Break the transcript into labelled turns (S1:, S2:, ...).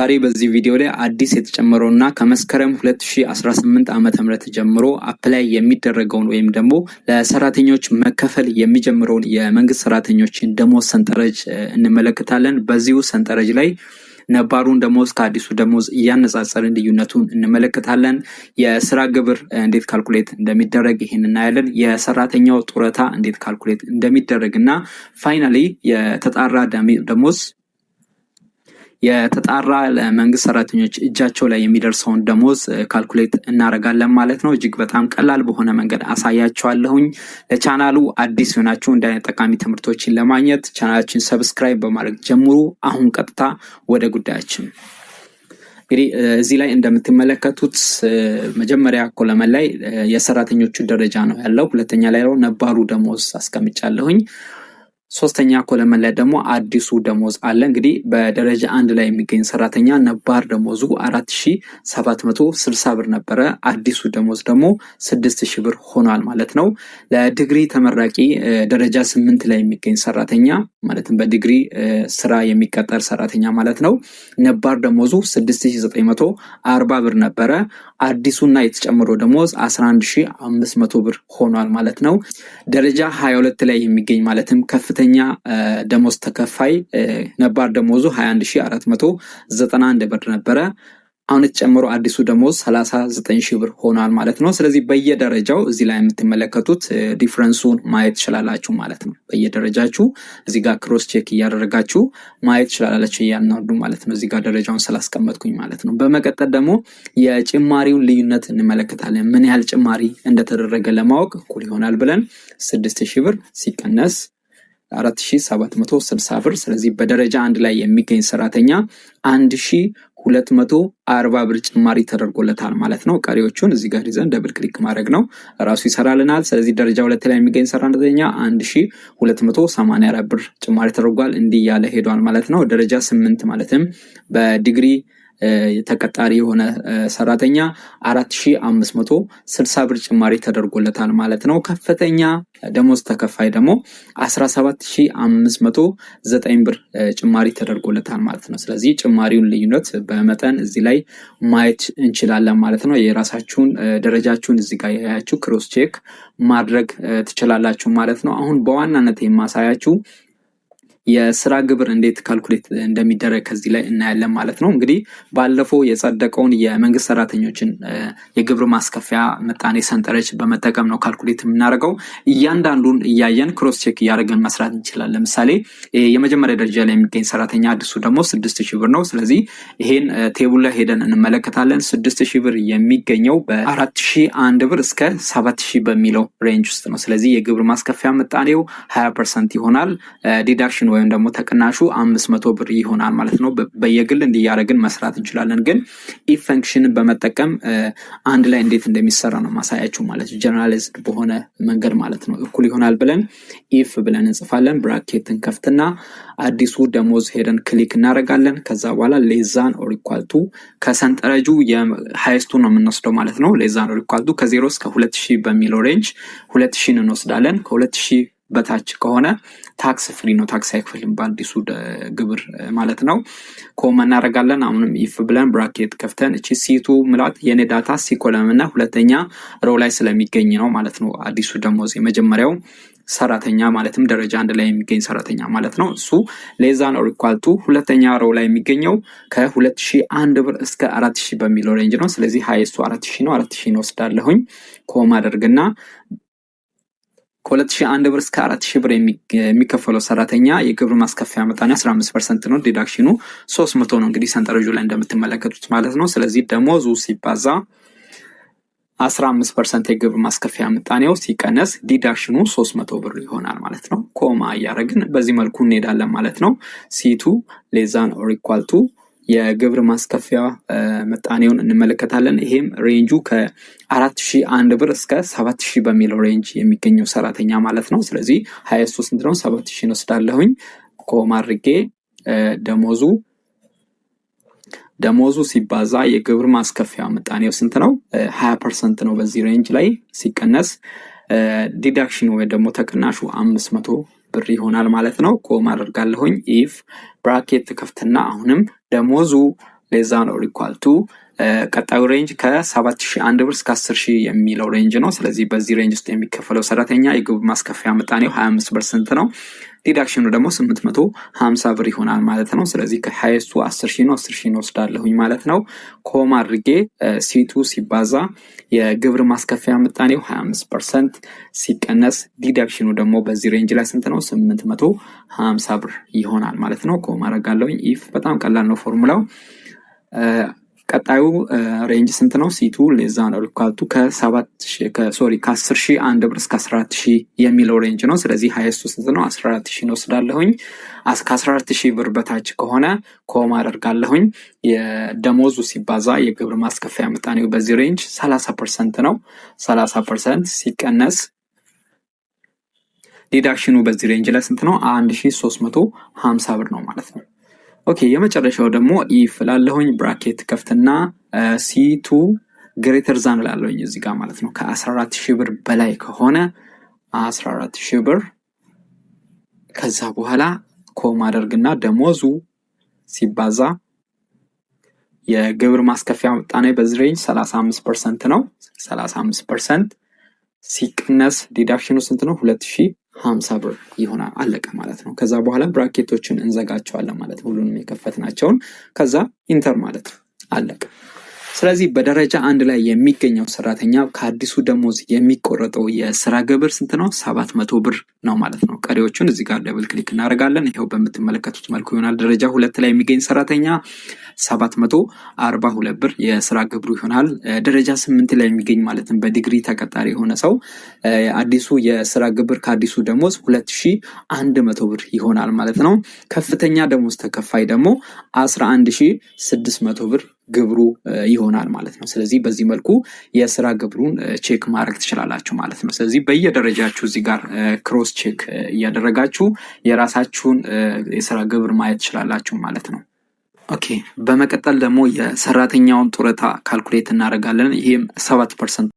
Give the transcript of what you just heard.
S1: ዛሬ በዚህ ቪዲዮ ላይ አዲስ የተጨመረው እና ከመስከረም 2018 ዓ.ም ጀምሮ አፕላይ የሚደረገውን ወይም ደግሞ ለሰራተኞች መከፈል የሚጀምረውን የመንግስት ሰራተኞችን ደሞዝ ሰንጠረዥ እንመለከታለን። በዚሁ ሰንጠረዥ ላይ ነባሩን ደሞዝ ከአዲሱ ደሞዝ እያነጻጸርን ልዩነቱን እንመለከታለን። የስራ ግብር እንዴት ካልኩሌት እንደሚደረግ ይህን እናያለን። የሰራተኛው ጡረታ እንዴት ካልኩሌት እንደሚደረግ እና ፋይናሊ የተጣራ ደሞዝ የተጣራ ለመንግስት ሰራተኞች እጃቸው ላይ የሚደርሰውን ደሞዝ ካልኩሌት እናደርጋለን ማለት ነው። እጅግ በጣም ቀላል በሆነ መንገድ አሳያቸዋለሁኝ። ለቻናሉ አዲስ ሆናችሁ እንደ ጠቃሚ ትምህርቶችን ለማግኘት ቻናላችን ሰብስክራይብ በማድረግ ጀምሩ። አሁን ቀጥታ ወደ ጉዳያችን እንግዲህ እዚህ ላይ እንደምትመለከቱት መጀመሪያ ኮለመን ላይ የሰራተኞቹ ደረጃ ነው ያለው። ሁለተኛ ላይ ነባሩ ደሞዝ አስቀምጫለሁኝ። ሶስተኛ ኮለመን ላይ ደግሞ አዲሱ ደሞዝ አለ። እንግዲህ በደረጃ አንድ ላይ የሚገኝ ሰራተኛ ነባር ደሞዙ 4760 ብር ነበረ። አዲሱ ደሞዝ ደግሞ 6000 ብር ሆኗል ማለት ነው። ለዲግሪ ተመራቂ ደረጃ ስምንት ላይ የሚገኝ ሰራተኛ ማለትም በዲግሪ ስራ የሚቀጠር ሰራተኛ ማለት ነው ነባር ደሞዙ 6940 ብር ነበረ። አዲሱና የተጨመረው ደሞዝ 11500 ብር ሆኗል ማለት ነው። ደረጃ 22 ላይ የሚገኝ ማለትም ከፍ ከፍተኛ ደሞዝ ተከፋይ ነባር ደሞዙ 21491 ብር ነበረ። አሁን የተጨመሩ አዲሱ ደሞዝ 39 ሺህ ብር ሆኗል ማለት ነው። ስለዚህ በየደረጃው እዚህ ላይ የምትመለከቱት ዲፍረንሱን ማየት ትችላላችሁ ማለት ነው። በየደረጃችሁ እዚህ ጋር ክሮስ ቼክ እያደረጋችሁ ማየት ትችላላችሁ እያናዱ ማለት ነው። እዚህ ጋር ደረጃውን ስላስቀመጥኩኝ ማለት ነው። በመቀጠል ደግሞ የጭማሪውን ልዩነት እንመለከታለን። ምን ያህል ጭማሪ እንደተደረገ ለማወቅ እኩል ይሆናል ብለን 6 ሺህ ብር ሲቀነስ 4760 ብር። ስለዚህ በደረጃ አንድ ላይ የሚገኝ ሰራተኛ 1240 ብር ጭማሪ ተደርጎለታል ማለት ነው። ቀሪዎቹን እዚህ ጋር ይዘን ደብል ክሊክ ማድረግ ነው ራሱ ይሰራልናል። ስለዚህ ደረጃ ሁለት ላይ የሚገኝ ሰራተኛ 1284 ብር ጭማሪ ተደርጓል። እንዲህ ያለ ሄዷል ማለት ነው። ደረጃ ስምንት ማለትም በዲግሪ ተቀጣሪ የሆነ ሰራተኛ አራት ሺ አምስት መቶ ስልሳ ብር ጭማሪ ተደርጎለታል ማለት ነው። ከፍተኛ ደሞዝ ተከፋይ ደግሞ አስራ ሰባት አምስት መቶ ዘጠኝ ብር ጭማሪ ተደርጎለታል ማለት ነው። ስለዚህ ጭማሪውን ልዩነት በመጠን እዚህ ላይ ማየት እንችላለን ማለት ነው። የራሳችሁን ደረጃችሁን እዚህ ጋር ያያችሁ ክሮስ ቼክ ማድረግ ትችላላችሁ ማለት ነው። አሁን በዋናነት የማሳያችሁ የስራ ግብር እንዴት ካልኩሌት እንደሚደረግ ከዚህ ላይ እናያለን ማለት ነው። እንግዲህ ባለፈው የጸደቀውን የመንግስት ሰራተኞችን የግብር ማስከፊያ ምጣኔ ሰንጠረች በመጠቀም ነው ካልኩሌት የምናደርገው። እያንዳንዱን እያየን ክሮስ ቼክ እያደረገን መስራት እንችላለን። ለምሳሌ የመጀመሪያ ደረጃ ላይ የሚገኝ ሰራተኛ አዲሱ ደግሞ ስድስት ሺህ ብር ነው። ስለዚህ ይሄን ቴቡል ላይ ሄደን እንመለከታለን። ስድስት ሺህ ብር የሚገኘው በአራት ሺህ አንድ ብር እስከ ሰባት ሺህ በሚለው ሬንጅ ውስጥ ነው። ስለዚህ የግብር ማስከፊያ ምጣኔው ሀያ ፐርሰንት ይሆናል ዲዳክሽን ወይም ደግሞ ተቅናሹ አምስት መቶ ብር ይሆናል ማለት ነው። በየግል እንዲያደረግን መስራት እንችላለን። ግን ኢፍ ፈንክሽንን በመጠቀም አንድ ላይ እንዴት እንደሚሰራ ነው ማሳያችሁ ማለት ጀነራላይዝድ በሆነ መንገድ ማለት ነው። እኩል ይሆናል ብለን ኢፍ ብለን እንጽፋለን። ብራኬትን ከፍትና አዲሱ ደሞዝ ሄደን ክሊክ እናደረጋለን። ከዛ በኋላ ሌዛን ኦሪኳልቱ ከሰንጠረጁ ሃይስቱ ነው የምንወስደው ማለት ነው። ሌዛን ኦሪኳልቱ ከዜሮ እስከ ሁለት ሺህ በሚለው ሬንጅ ሁለት ሺህን እንወስዳለን ከሁለት ሺህ በታች ከሆነ ታክስ ፍሪ ነው። ታክስ አይክፍልም በአዲሱ ግብር ማለት ነው። ኮማ እናደርጋለን። አሁንም ኢፍ ብለን ብራኬት ከፍተን እቺ ሲቱ ምላት የኔ ዳታ ሲኮለም እና ሁለተኛ ሮ ላይ ስለሚገኝ ነው ማለት ነው። አዲሱ ደሞዝ የመጀመሪያው ሰራተኛ ማለትም ደረጃ አንድ ላይ የሚገኝ ሰራተኛ ማለት ነው። እሱ ሌዛ ነው ሪኳልቱ ሁለተኛ ሮው ላይ የሚገኘው ከ ሺህ ብር እስከ አራት በሚለው ሬንጅ ነው። ስለዚህ ሀይስቱ አራት ሺህ ነው። አራት ነው ወስዳለሁኝ ኮማ አደርግና ከ2001 ብር እስከ 4000 ብር የሚከፈለው ሰራተኛ የግብር ማስከፈያ መጣኔ 15 ፐርሰንት ነው። ዲዳክሽኑ 300 ነው። እንግዲህ ሰንጠረጁ ላይ እንደምትመለከቱት ማለት ነው። ስለዚህ ደሞዙ ሲባዛ 15 ፐርሰንት የግብር ማስከፈያ ምጣኔው ሲቀነስ ዲዳክሽኑ 300 ብር ይሆናል ማለት ነው። ኮማ እያረግን በዚህ መልኩ እንሄዳለን ማለት ነው። ሲቱ ሌዛን ኦር የግብር ማስከፊያ ምጣኔውን እንመለከታለን። ይሄም ሬንጁ ከአራት ሺህ አንድ ብር እስከ ሰባት ሺህ በሚለው ሬንጅ የሚገኘው ሰራተኛ ማለት ነው። ስለዚህ ሀያ ሶስት ስንት ነው? ሰባት ሺህ እንወስዳለሁኝ ኮማ አድርጌ ደሞዙ ደሞዙ ሲባዛ የግብር ማስከፊያ ምጣኔው ስንት ነው? ሀያ ፐርሰንት ነው። በዚህ ሬንጅ ላይ ሲቀነስ ዲዳክሽን ወይ ደግሞ ተቅናሹ አምስት መቶ ብር ይሆናል ማለት ነው። ኮማ አድርጋለሁኝ ኢፍ ብራኬት ክፍትና አሁንም ደሞዙ ለዛ ነው ሪኳልቱ ቀጣዩ ሬንጅ ከ7100 ብር እስከ ሺህ የሚለው ሬንጅ ነው። ስለዚህ በዚህ ሬንጅ ውስጥ የሚከፈለው ሰራተኛ የግብ ማስከፈያ ምጣኔው 25 ፐርሰንት ነው። ዲዳክሽኑ ደግሞ 850 ብር ይሆናል ማለት ነው። ስለዚህ ከሀይሱ 10 ሺ ነው 10 ሺ ነው ማለት ነው። ኮማ አድርጌ ሲቱ ሲባዛ የግብር ማስከፈያ ምጣኔው 25 ፐርሰንት ሲቀነስ ዲዳክሽኑ ደግሞ በዚህ ሬንጅ ላይ ስንት ነው? 850 ብር ይሆናል ማለት ነው። ኮማ አረጋለሁኝ። ኢፍ በጣም ቀላል ነው ፎርሙላው ቀጣዩ ሬንጅ ስንት ነው? ሲቱ ሌዛ ነው ልኳልቱ ከሶሪ ከ10 ሺህ አንድ ብር እስከ 14 ሺህ የሚለው ሬንጅ ነው። ስለዚህ ሀይስቱ ስንት ነው? 14 ሺህ ነው ስላለሁኝ ከ14 ብር በታች ከሆነ ኮማ አደርጋለሁኝ። የደሞዙ ሲባዛ የግብር ማስከፈያ ምጣኔው በዚህ ሬንጅ 30 ፐርሰንት ነው። 30 ፐርሰንት ሲቀነስ ዲዳክሽኑ በዚህ ሬንጅ ላይ ስንት ነው? 1350 ብር ነው ማለት ነው። ኦኬ የመጨረሻው ደግሞ ኢፍ ላለሁኝ ብራኬት ከፍትና ሲቱ ግሬተር ዛን ላለሁኝ እዚህ ጋር ማለት ነው ከ14 ሺህ ብር በላይ ከሆነ 14 ሺህ ብር ከዛ በኋላ ኮም አደርግና ደሞዙ ሲባዛ የግብር ማስከፊያ ምጣኔ በዚህ ሬንጅ 35 ፐርሰንት ነው። 35 ፐርሰንት ሲቀነስ ዲዳክሽኑ ስንት ነው? 2000 ሀምሳ ብር ይሆናል። አለቀ ማለት ነው። ከዛ በኋላ ብራኬቶችን እንዘጋቸዋለን ማለት ነው። ሁሉንም የከፈትናቸውን ከዛ ኢንተር ማለት ነው። አለቀ። ስለዚህ በደረጃ አንድ ላይ የሚገኘው ሰራተኛ ከአዲሱ ደሞዝ የሚቆረጠው የስራ ግብር ስንት ነው? ሰባት መቶ ብር ነው ማለት ነው። ቀሪዎቹን እዚህ ጋር ደብል ክሊክ እናደርጋለን። ይኸው በምትመለከቱት መልኩ ይሆናል። ደረጃ ሁለት ላይ የሚገኝ ሰራተኛ ሰባት መቶ አርባ ሁለት ብር የስራ ግብሩ ይሆናል። ደረጃ ስምንት ላይ የሚገኝ ማለትም በዲግሪ ተቀጣሪ የሆነ ሰው አዲሱ የስራ ግብር ከአዲሱ ደሞዝ ሁለት ሺ አንድ መቶ ብር ይሆናል ማለት ነው። ከፍተኛ ደሞዝ ተከፋይ ደግሞ አስራ አንድ ሺ ስድስት መቶ ብር ግብሩ ይሆናል ማለት ነው። ስለዚህ በዚህ መልኩ የስራ ግብሩን ቼክ ማድረግ ትችላላችሁ ማለት ነው። ስለዚህ በየደረጃችሁ እዚህ ጋር ክሮስ ቼክ እያደረጋችሁ የራሳችሁን የስራ ግብር ማየት ትችላላችሁ ማለት ነው። ኦኬ በመቀጠል ደግሞ የሰራተኛውን ጡረታ ካልኩሌት እናደርጋለን። ይህም ሰባት ፐርሰንት